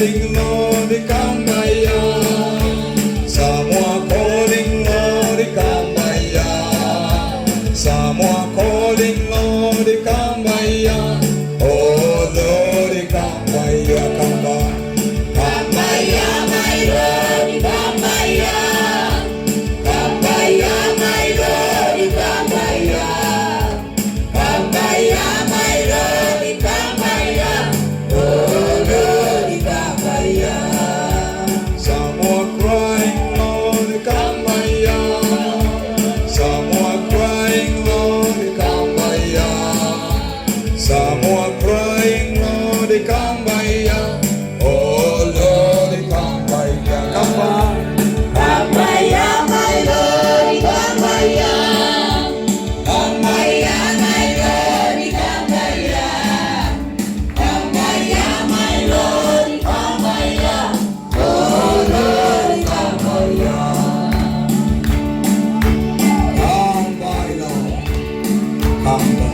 Sing, Lord. anga.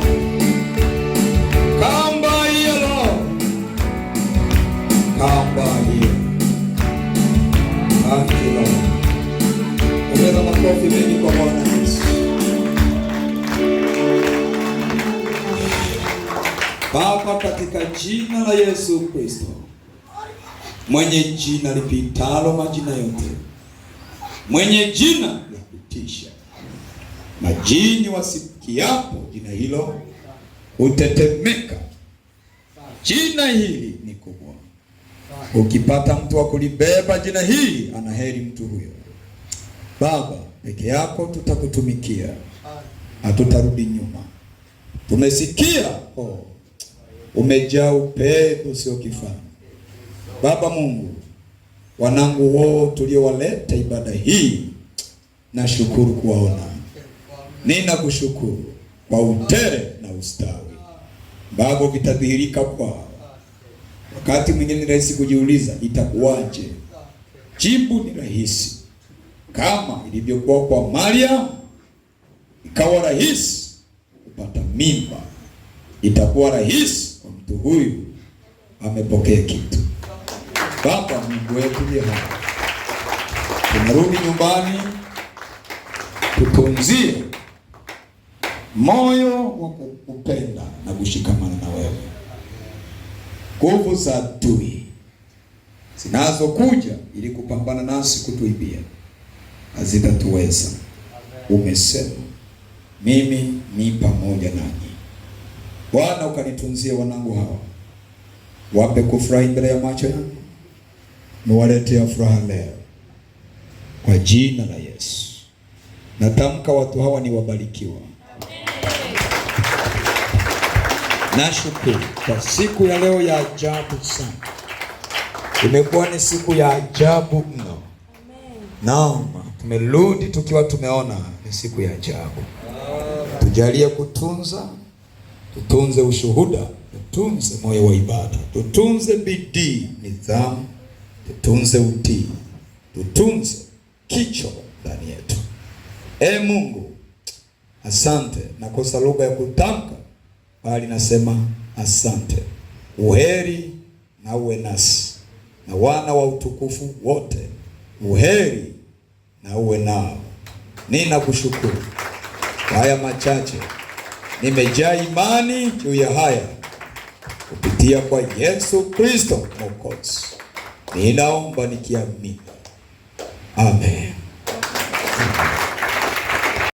Kamba hiyo lo, kamba hiyo akilo. Ongeza makofi mengi kwa Bwana Yesu. Baba, katika jina la Yesu Kristo, mwenye jina lipitalo majina yote, mwenye jina lipitisha majini wasi kiapo jina hilo utetemeka. Jina hili ni kubwa. Ukipata mtu wa kulibeba jina hili, anaheri mtu huyo. Baba, peke yako tutakutumikia, hatutarudi nyuma. Tumesikia oh, umejaa upepo sio kifani. Baba Mungu, wanangu wote tuliowaleta ibada hii, nashukuru kuwaona ninakushukuru kwa utere na ustawi ambavyo vitadhihirika kwao. Wakati mwingine ni rahisi kujiuliza itakuwaje? Jibu ni rahisi, kama ilivyokuwa kwa Mariamu ikawa rahisi kupata mimba, itakuwa rahisi kwa mtu huyu amepokea kitu. Baba Mungu wetu ni hapa, tunarudi nyumbani tupunzie moyo wa kukupenda na kushikamana na wewe. Nguvu za adui zinazokuja ili kupambana nasi, kutuibia, hazitatuweza. Umesema mimi ni pamoja nanyi. Bwana, ukanitunzie wanangu hawa, wape kufurahi mbele ya macho yangu, niwaletea furaha leo kwa jina la Yesu. Natamka watu hawa ni wabarikiwa Nashukuru kwa siku ya leo ya ajabu sana. Imekuwa ni siku ya ajabu mno. Naam, tumerudi tukiwa tumeona ni siku ya ajabu. Tujalie kutunza, tutunze ushuhuda, tutunze moyo wa ibada, tutunze bidii, nidhamu, tutunze utii, tutunze kicho ndani yetu. E Mungu, asante. Nakosa lugha ya kutamka bali nasema asante. Uheri na uwe nasi na wana wa utukufu wote, uheri na uwe nao. Ninakushukuru kwa haya machache, nimejaa imani juu ya haya kupitia kwa Yesu Kristo Mwokozi. Ninaomba nikiamini, amen.